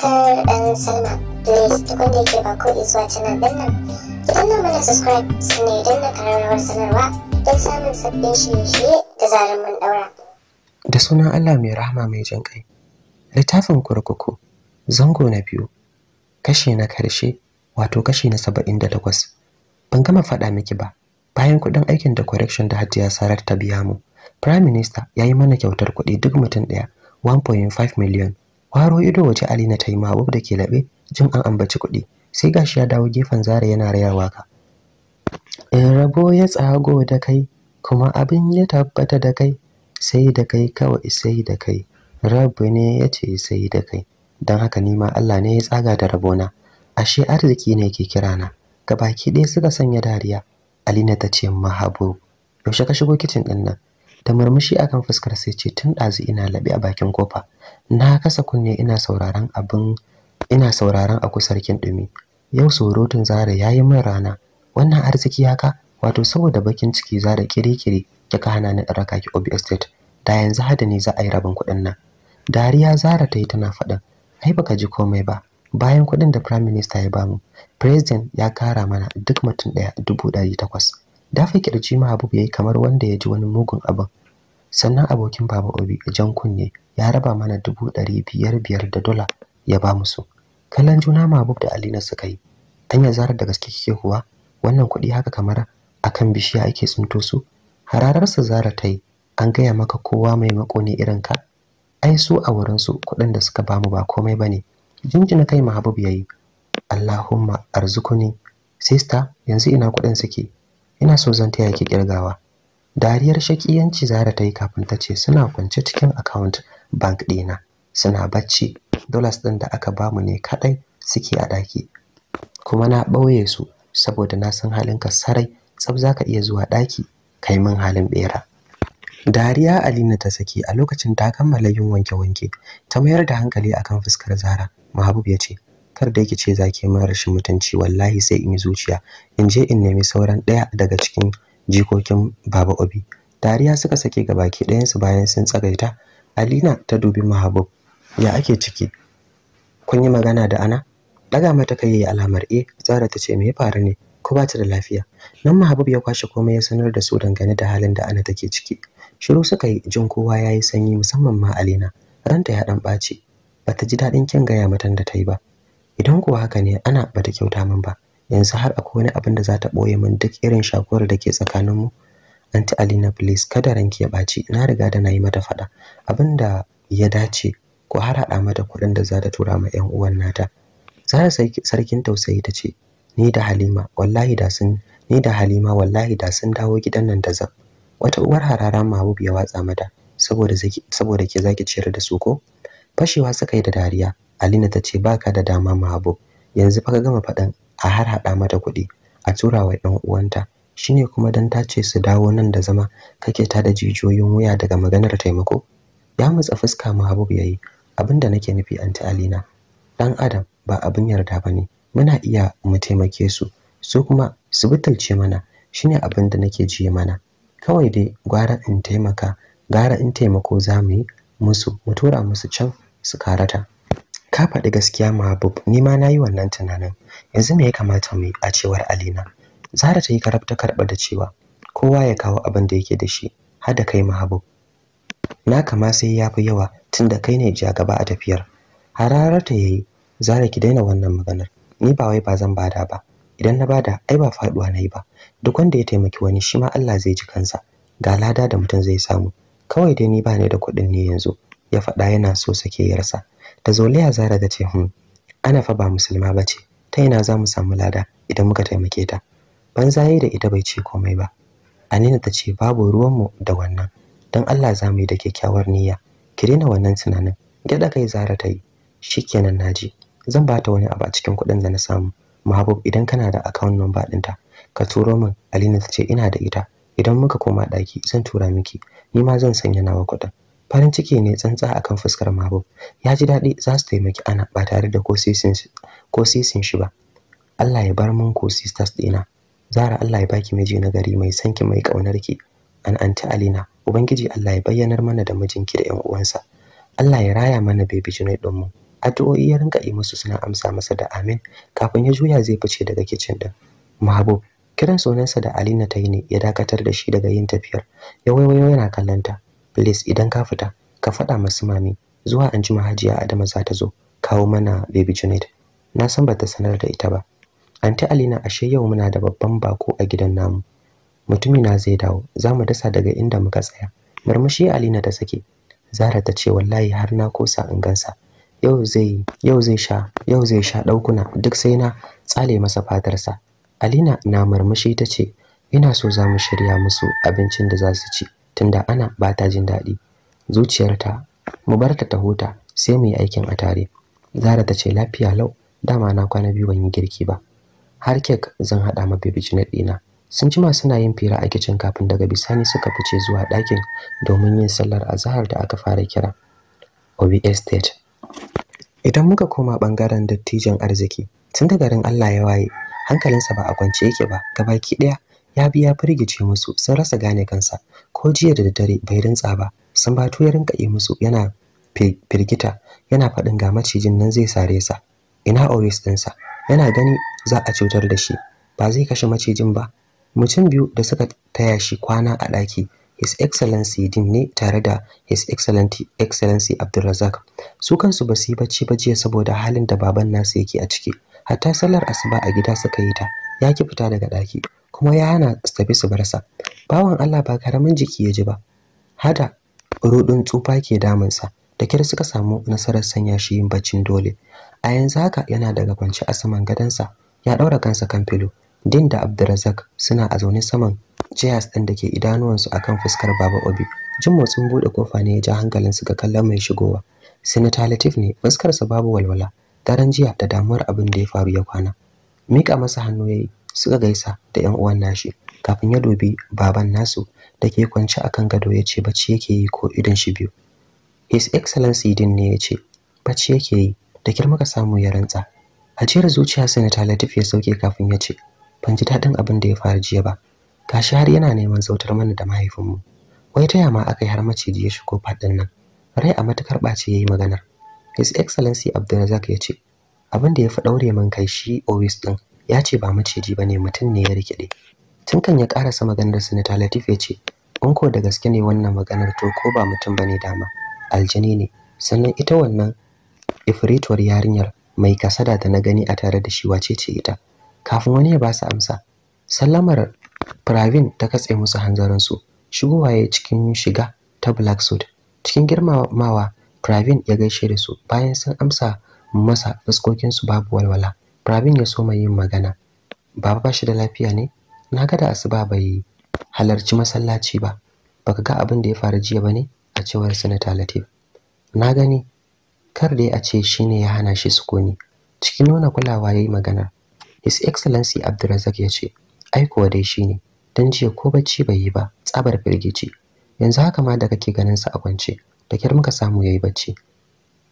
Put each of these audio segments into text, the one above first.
subscribe and sign up. Please da ba ko subscribe sanarwa don samun sabbin da sunan Allah mai rahama mai jin kai. Littafin kurkuku zango na biyu kashi na karshe wato kashi na saba'in da takwas. Ban gama faɗa miki ba bayan kuɗin aikin da correction da Hajiya Sarar ta biya mu. Prime Minister ya yi mana kyautar kuɗi duk mutum ɗaya 1.5 million Kwaro ido wace Alina ta yi Mahabub da ke laɓe jin an ambaci kuɗi sai gashi ya dawo gefen zare, yana raya waka. In rabo ya tsago da kai kuma abin ya tabbata da kai sai da kai kawai sai da kai rabu ne ya ce sai da kai don haka nima Allah ne ya tsaga da rabona ashe arziki ne ke kirana gabaki ɗaya suka sanya dariya Alina ta ce Mahabub yaushe ka shigo kicin ɗin nan da murmushi akan fuskar sai ce tun ɗazu ina laɓe a bakin kofa na kasa kunne ina sauraron abin ina sauraron aku sarkin ɗumi yau surutun zara ya yi min rana wannan arziki haka wato saboda bakin ciki zara kirikiri kika hana ni raka ki obi estate da yanzu hada ne za a yi rabin kuɗin nan dariya zara ta yi tana faɗin ai baka ji komai ba bayan kuɗin da prime minister ya bamu president ya kara mana duk mutum ɗaya dubu ɗari takwas Da dafa kirji mahabub yayi kamar wanda ya ji wani mugun abin sannan abokin baba obi jan kunne ya raba mana dubu ɗari biyar biyar da dola ya ba mu su kallon juna mahabub da alina suka yi tanya zarar da gaske kike kuwa wannan kuɗi haka kamar akan bishiya ake tsinto su harararsa zara ta yi an gaya maka kowa mai mako ne irin ka ai su a wurinsu kuɗin da suka bamu ba komai ba ne jinjina kai mahabub ya yi allahumma arzukuni sista yanzu ina kuɗin suke ina so zan taya ki kirgawa dariyar shakiyanci zara ta yi kafin ta ce suna kwance cikin account bank ɗina suna bacci dollars ɗin da aka bamu ne kaɗai suke a ɗaki kuma na ɓauye su saboda na san halinka sarai tsab za ka iya zuwa ɗaki kai min halin ɓera dariya alina ta saki a lokacin ta kammala yin wanke-wanke ta mayar da hankali akan fuskar zara mahabub ya ce kar da kice zaki min rashin mutunci wallahi sai in yi zuciya in je in nemi sauran ɗaya daga cikin jikokin baba obi dariya suka sake ga baki ɗayansu bayan sun tsagaita alina ta dubi mahabub ya ake ciki kun yi magana da ana daga mata kai yayi alamar e zara ta ce me ya faru ne ko bata da lafiya nan mahabub ya kwashe komai ya sanar da su dangane da halin da ana take ciki shiru suka yi jin kowa yayi sanyi musamman ma alina ranta ya dan ɓaci bata ji daɗin kin gaya matan da ta yi ba idan kuwa haka ne ana bata kyauta min ba yanzu har akwai wani abin da za ta boye min duk irin shakuwar da ke tsakaninmu anti alina please kada ranki ya ɓaci na riga da na yi mata faɗa abin da ya dace ko har haɗa mata kuɗin da za ta tura ma 'yan uwan nata zara sarkin tausayi ta ce ni da halima wallahi da sun ni da halima wallahi da sun dawo gidan nan da zan wata uwar harara mahmud ya watsa mata saboda saboda ke zaki ciyar da su ko fashewa suka yi da dariya Alina ta ce baka da dama Mahabub yanzu fa ka gama faɗin a har hada mata kuɗi a tura wa ɗan uwanta shine kuma dan ta ce su dawo nan da zama kake ta da jijiyoyin wuya daga maganar taimako ya matsa fuska Mahabub yayi abinda nake nufi anti Alina dan adam ba abin yarda bane muna iya mu taimake su su kuma su butulce mana shine abin da nake ji mana kawai dai gwara in taimaka gara in taimako zamu yi musu mu tura musu can su karata ka faɗi gaskiya mahabub ni ma na yi wannan tunanin yanzu me ya kamata mu yi a cewar alina zara ta yi karab ta karɓa da cewa kowa ya kawo abin da yake da shi har da kai mahabub na kama sai ya fi yawa da kai ne ja gaba a tafiyar hararar ta yayi zara ki daina wannan maganar ni ba wai ba zan bada ba idan na bada ai ba faɗuwa na yi ba duk wanda ya taimaki wani shi ma Allah zai ji kansa ga lada da mutum zai samu kawai dai ni ba ni da kuɗin ne yanzu ya faɗa yana so sake yarsa da zoliya zara ta ce hun hmm, ana fa ba musulma ba ce ta ina za mu samu lada idan muka taimake ta yi da ita bai ce komai ba anina ta ce babu ruwanmu da wannan don allah za mu yi da kyakkyawar niyya ki daina wannan tunanin gyaɗa kai zara ta yi shikenan ji, zan ba ta wani abu a cikin kuɗin da na samu mahabub idan kana da akawun namba ɗinta ka turo min alina ta ce ina da ita idan muka koma ɗaki zan tura miki ni ma zan sanya nawa kuɗin farin ciki ne tsantsa akan fuskar Mahbub ya ji daɗi za su taimaki ana ba tare da ko sisin shi ba Allah ya bar mun ko sisters ɗina. Zara Allah ya baki miji na gari mai sanki mai kaunar ki an anti Alina ubangiji Allah ya bayyanar mana da mijinki da 'yan uwansa Allah ya raya mana baby Junaid din mu addu'o'i ya rinka yi musu suna amsa masa da amin kafin ya juya zai fice daga kicin ɗin. Mahbub kiran sonansa da Alina ta yi ne ya dakatar da shi daga yin tafiyar ya waiwayo yana kallanta please idan ka fita ka faɗa masu mami zuwa an ji hajiya adama za ta zo kawo mana baby junaid na san bata sanar da ita ba anti alina ashe yau muna da babban bako a gidan namu mutumi na zai dawo za mu dasa daga inda muka tsaya murmushi alina ta sake zara ta ce wallahi har na kosa in gansa yau zai yau zai sha yau zai sha ɗaukuna duk sai na tsale masa fatarsa alina na murmushi ta ce ina so za mu shirya musu abincin da za su ci tunda ana bata jin daɗi zuciyarta mu bar ta ta sai mu yi aikin a tare zara ta ce lafiya lau dama na kwana biyu ban yi girki ba har kek zan haɗa ma baby na ɗina sun jima suna yin fira a kicin kafin daga bisani suka fice zuwa ɗakin domin yin sallar azahar da aka fara kira obi estate idan muka koma ɓangaren dattijan arziki tun da garin allah ya waye hankalinsa ba a kwance yake ba gabaki ɗaya ya bi ya firgice musu sun rasa gane kansa ko jiya da daddare bai rintsa ba sun to ya rinka yi musu yana firgita yana faɗin ga macijin nan zai sare sa ina oris ɗinsa yana gani za a cutar da shi ba zai kashe macijin ba mutum biyu da suka taya shi kwana a ɗaki His Excellency Din ne tare da His Excellency, Excellency Abdulrazak. Su kansu ba su yi bacci ba jiya saboda halin da baban nasu yake a ciki. Hatta sallar asuba a gida suka yi ta, ya ki fita daga ɗaki. kuma ya hana su su barsa sa bawan Allah ba karamin jiki ya ji ba hada rudun tsufa ke damunsa da kyar suka samu nasarar sanya shi yin baccin dole a yanzu haka yana daga kwance a saman gadansa ya daura kansa kan filo din da abdurazak suna a zaune saman jihas ɗin da ke idanuwansu kan fuskar baba obi jin motsin buɗe kofa ne ya ja hankalinsu ga kallon mai shigowa senator latif ne fuskarsa babu walwala daren jiya da damuwar abin da ya faru ya kwana Miƙa masa hannu ya yi suka gaisa da yan uwan nashi kafin ya dubi baban nasu da ke kwance akan gado ya ce bacci yake yi ko idan shi biyu his excellency din ne ya ce bacci yake yi da kirma ka samu ya rantsa ajiyar zuciya senator latif ya sauke kafin ya ce ban ji daɗin abin da ya faru jiya ba gashi har yana neman zautar mana da mahaifinmu wai taya ma aka yi har maciji ya shigo faɗin nan rai a matukar ɓace ya yi maganar his excellency abdulrazak ya ce abin da ya fi ɗaure min kai shi always ɗin ya ce ba maciji ba ne mutum ne ya rikide tun kan ya karasa maganar sanata latif ya ce unko da gaske ne wannan maganar to ko ba mutum ba ne dama aljani ne sannan ita wannan ifirituwar yarinyar mai kasada da na gani a tare da shi wace ce ita kafin wani ya ba su amsa sallamar pravin ta katse musu hanzarinsu shigowa ya cikin shiga ta black suit cikin girmamawa pravin ya gaishe da su bayan sun amsa masa fuskokinsu babu walwala Pravin ya soma yin magana. Baba ba shi da lafiya ne? Na ga da asuba bai halarci masallaci ba. Baka ga abin da ya faru jiya ba ne? A cewar Sanata Latif. Na gani kar dai a ce shine ya hana shi sukuni. Cikin nuna kulawa yayi magana. His Excellency Abdulrazak ya ce, "Ai kuwa dai shine, dan jiya ko bacci bai yi ba, tsabar firgici. Yanzu haka ma da kake ganin sa a kwance, da kyar muka samu yayi bacci."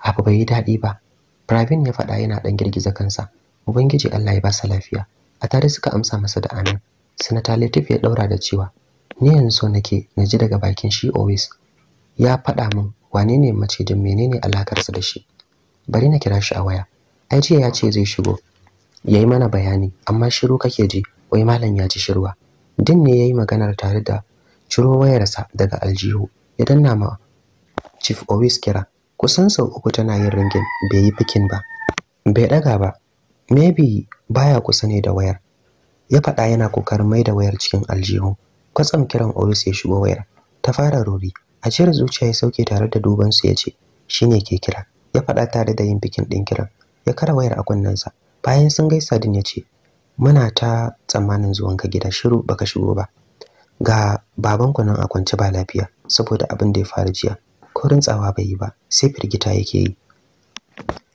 Abu bai yi daɗi ba. Pravin ya faɗa yana ɗan girgiza kansa. ubangiji Allah ya ba sa lafiya a tare suka amsa masa da amin sanata latif ya daura da cewa ni yanzu so nake na ji daga bakin shi always ya faɗa min wane ne macijin menene alakarsa da shi bari na kira shi a waya ai jiya ya ce zai shigo yayi mana bayani amma shiru kake ji wai malam ya ji shirwa din ne ya yi maganar tare da ciro wayarsa daga aljihu ya danna ma chief always kira kusan sau uku tana yin ringin bai yi bikin ba bai ɗaga ba maybe baya kusa ne da wayar ya faɗa yana kokarin mai da wayar cikin aljihu kwatsam kiran Oris ya shigo wayar ta fara rori a cire zuciya ya sauke tare da duban su ce, shine ke kira ya faɗa tare da yin bikin ɗin kiran ya kara wayar a kunnensa bayan sun gaisa din ce. muna ta tsammanin ka gida shiru baka shigo ba ga ku nan a kwance ba lafiya saboda abin da ya faru jiya ko tsawa bai yi ba sai firgita yake yi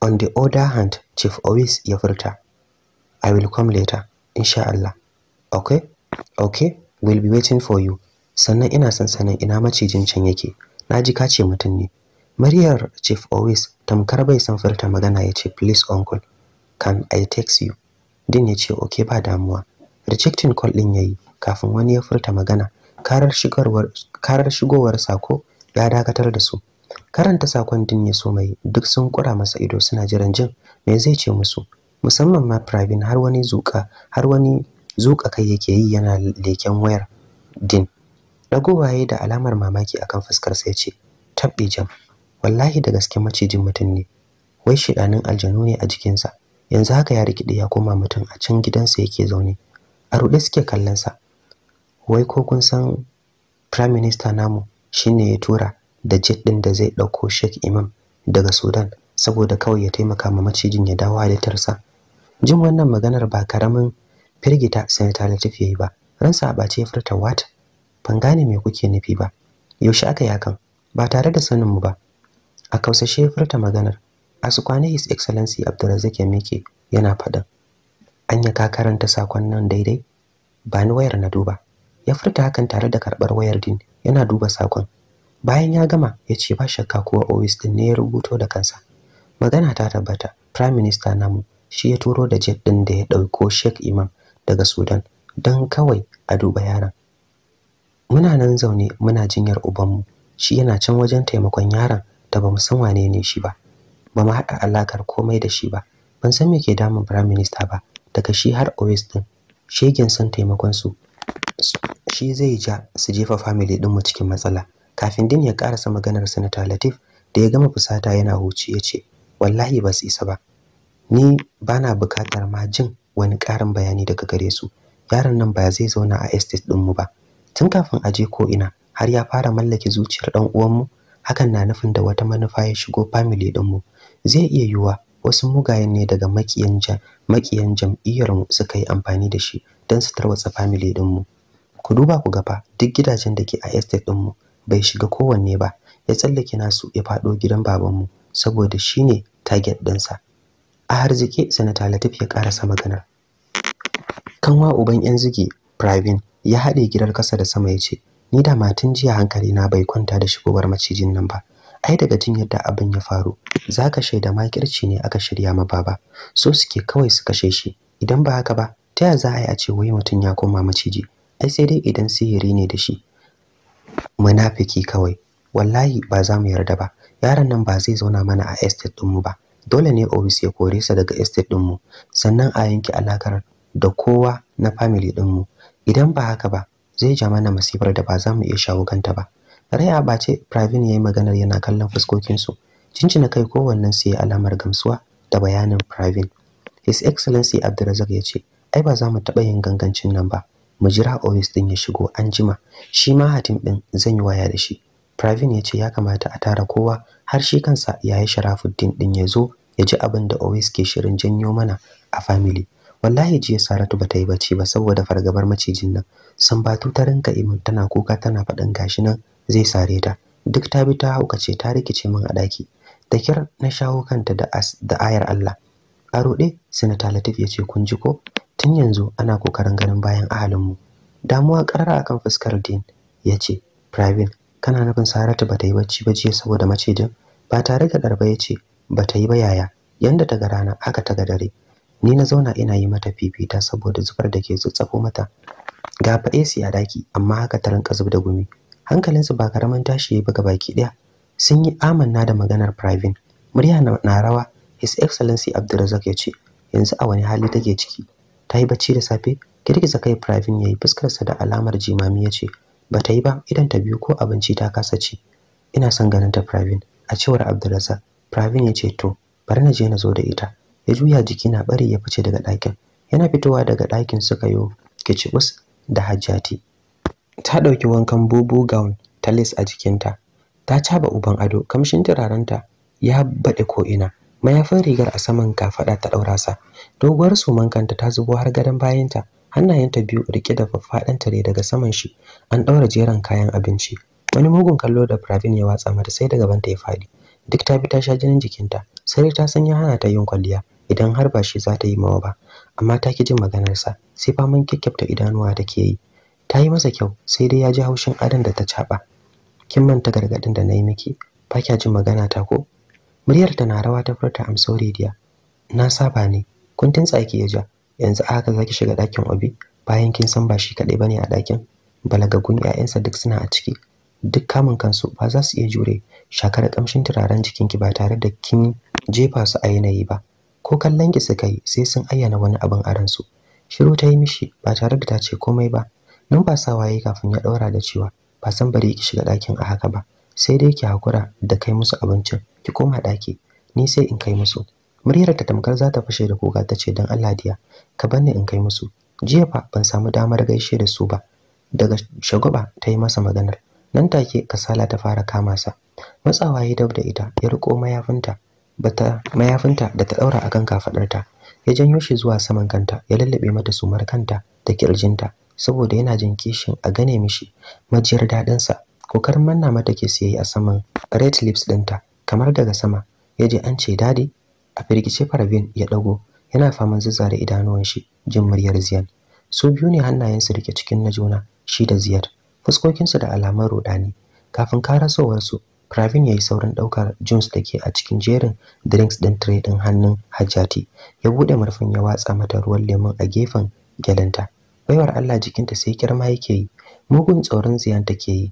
On the other hand, Chief Owis ya furta, I will come later, insha Allah. Okay? Okay, we'll be waiting for you. Sannan ina son sanan ina macijin can yake. naji ji ka ce mutum ne. Maryar Chief Owis tamkar bai san furta magana ya ce, Please uncle, can I text you? Din ya ce, Okay ba damuwa. Rejecting call din yayi kafin wani ya furta magana. Karar shigowar sako ya dakatar da su. karanta sakon din ya so mai duk sun kura masa ido suna jiran jin me zai ce musu musamman ma Pravin har wani zuka har wani zuka kai yake yi yana leken wayar din dago waye da alamar mamaki akan fuskar sa yace tabbe jam wallahi da gaske macijin mutum ne wai shidanin aljanu ne a jikinsa yanzu haka ya rikide ya koma mutum a can gidansa yake zaune a ruɗe suke kallon sa wai ko kun san prime minister namu shine ya tura da jet ɗin da zai ɗauko Sheikh Imam daga Sudan saboda kawai ya taimaka ma macijin ya dawo halittarsa. Jin wannan maganar ba karamin firgita Senator Latif yayi ba. Ransa ba ce ya furta wat. Ban gane me kuke nufi ba. Yaushe aka yi yakan? Ba tare da sanin mu ba. A kausashe ya furta maganar. A kwane His Excellency Abdulrazak Yamike yana faɗin. Anya ka karanta sakon nan daidai? Ba ni wayar na duba. Ya furta hakan tare da karɓar wayar din yana duba sakon. bayan ya gama ya ce ba shakka kuwa Owis din ne ya rubuto da kansa magana ta tabbata prime minister namu shi ya turo da jet din da ya dauko Sheikh Imam daga Sudan don kawai a duba yaran. muna nan zaune muna jinyar ubanmu shi yana can wajen taimakon yaron da bamu san wane ne shi ba bamu haɗa alakar komai da shi ba ban san me ke damun prime minister ba daga shi har Owis din shegen san taimakon su shi zai ja su jefa family dinmu cikin matsala kafin din ya karasa maganar sanata latif da ya gama fusata yana huci ya ce wallahi ba su isa ba ni ba na bukatar ma jin wani ƙarin bayani daga gare su yaron nan ba zai zauna a estate ɗinmu ba tun kafin a je ko'ina har ya fara mallake zuciyar ɗan uwanmu hakan na nufin da wata manufa ya shigo family ɗinmu zai iya yiwuwa wasu mugayen ne daga makiyan makiyan mu suka yi amfani da shi don su tarwatsa family ɗinmu ku duba ku gafa duk gidajen da ke a estate ɗinmu bai shiga kowanne ba ya tsallake nasu ya faɗo gidan babanmu saboda shi ne target ɗinsa a harzike sanata latif ya ƙarasa maganar kanwa uban yan zuge pravin ya haɗe gidan ƙasa da sama ya ce ni da matin jiya hankali na bai kwanta da shigowar macijin nan ba ai daga jin yadda abin ya faru Za ka shaida makirci ne aka shirya ma baba so suke kawai su kashe shi idan ba haka ba ta yaya za a yi a ce wai mutum ya koma maciji ai sai dai idan sihiri ne da shi munafiki kawai wallahi ba za mu yarda ba yaron nan ba zai zauna mana a estate ɗinmu ba dole ne ofis ya kore sa daga estate mu, sannan a yanke alakar da kowa na family ɗinmu idan ba haka ba zai ja mana masifar da ba za mu iya shawo kanta ba rai a ce pravin ya yi maganar yana kallon fuskokinsu cincina kai kowannen su ya alamar gamsuwa da bayanin pravin his excellency abdulrazak ya ce ai ba za mu taɓa yin gangancin nan ba mu jira office din ya shigo an jima shi ma hatim din zan yi waya da shi Pravin ya ce ya kamata a tara kowa har shi kansa yayi Sharafuddin din ya zo ya ji abin da Owais ke shirin janyo mana a family wallahi jiya Saratu bata yi bacci ba saboda fargabar macijin nan Sambatu ta rinka imin tana kuka tana faɗin gashi nan zai sare ta duk ta bi ta haukace ta rikice min a ɗaki da kir na shawo kanta da ayar Allah a roɗe Sinata Latif ya ce kun ji ko tun yanzu ana kokarin ganin bayan ahalinmu damuwa karara akan fuskar din ya ce pravin kana nufin saratu ba ta yi bacci ba jiya saboda macijin ba tare da ɗarba ya ce ba ta yi ba yaya yanda daga rana haka ta ga dare ni na zauna ina yi mata fifita saboda zubar da ke tsatsafo mata ga fa AC a daki amma haka ta rinka zub da gumi hankalinsu ba karaman tashi ya buga baki ɗaya. sun yi amanna da maganar Pravin murya na rawa his excellency Abdulrazak ya ce yanzu a wani hali take ciki ta yi bacci da safe girgiza kai ya yi fuskarsa da alamar jimami ya ce ba ta yi ba idan ta biyu ko abinci ta kasa ci ina son ganin ta Pravin a cewar abdulrasa Pravin ya ce to bari na je na zo da ita ya juya jiki na bari ya fice daga ɗakin yana fitowa daga ɗakin suka yo kicibus da hajjati ta ɗauki wankan bobo gown ta lace a jikinta ta caba uban ado kamshin turarenta ya baɗe ko'ina mayafin rigar a saman kafada ta daura sa doguwar suman kanta ta zubo har gadon bayanta hannayenta biyu rike da faffadan tare daga saman shi an daura jeran kayan abinci wani mugun kallo da Pravin ya watsa mata sai daga banta ya fadi duk ta bi ta sha jinin jikinta sai ta san ya hana ta yin kwalliya idan har ba shi za ta yi mawa ba amma ta ki jin sa sai faman kyakkyafta idanuwa ke yi ta yi masa kyau sai dai ya ji haushin adan da ta chaba kin manta gargadin da na yi miki ba kya jin magana ta ko muryar na rawa ta furta am sorry dear na saba ne kun tsaki ya ja yanzu a haka zaki shiga dakin, obi bayan kin san ba shi kaɗai bane a ɗakin balagagun 'ya'yansa duk suna a ciki duk kamun kansu ba za su iya jure shakar kamshin turaren jikinki ba tare da kin jefa su a yanayi ba ko kallon ki suka yi sai sun ayyana wani abin a ransu shiru ta yi mishi ba tare da ta ce komai ba Nan ba sa waye kafin ya ɗaura da cewa ba san bari ki shiga ɗakin a haka ba sai dai ki hakura da kai musu abincin ki koma Daki. ni sai in kai musu muryar ta tamkar za ta fashe da kuka ta ce Allah diya ka bani in kai musu jiya fa ban samu damar gaishe da su ba daga shagwaba ta yi masa maganar nan take kasala ta fara kama sa matsawa ya dab da ita ya riko mayafinta bata mayafinta da ta daura akan kafadarta ya janyo shi zuwa saman kanta ya lallabe mata sumar kanta da kirjinta saboda yana jin kishin a gane mishi majiyar dadin sa kokarin manna mata ke siyayi a saman red lips dinta kamar daga sama ya je an ce dadi a firgice Parvin ya dago yana faman zuzzare idanuwan shi jin muryar Ziyad su biyu ne hannayensu rike cikin na juna shi da Ziyad fuskokinsu da alamar ruɗani. kafin karasowar su ya yi saurin daukar da ke a cikin jerin drinks ɗin tire din hannun Hajjati ya bude murfin ya watsa mata ruwan lemon a gefen gyalenta baiwar Allah jikinta sai kirma yake yi mugun tsoron ziyan take yi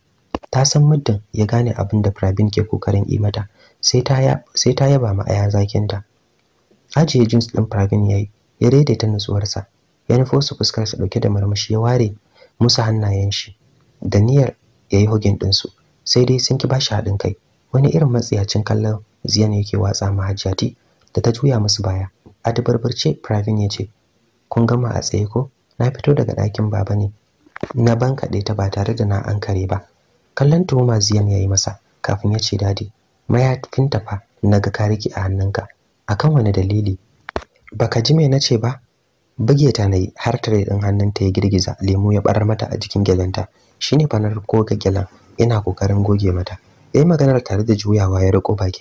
ta san muddin ya gane abin da Pravin ke kokarin yi mata sai ta yaba ma aya zakinta ajiye jeans ɗin Pravin ya yi ya daidaita nutsuwarsa ya nufo su fuskarsa ɗauke da marmashi ya ware musu hannayen shi da niyyar ya yi hugin ɗinsu sai dai sun ki ba shi haɗin kai wani irin matsiyacin kallon ziyan yake watsa ma hajjati da ta juya musu baya a dabarbarce fragin ya ce kun gama a tsaye ko na fito daga ɗakin baba ne na kaɗe ta ba tare da na ankare ba kallon tuhuma ziyan ya yi masa kafin ya ce dadi mayafinta fa naga ka riki a hannunka akan wani dalili baka ji me nace ba buge ta nayi har tare din hannunta ya girgiza lemu ya barar mata a jikin gelanta shine fa na riko ga gelan ina kokarin goge mata yayi maganar tare da juyawa ya riko bakin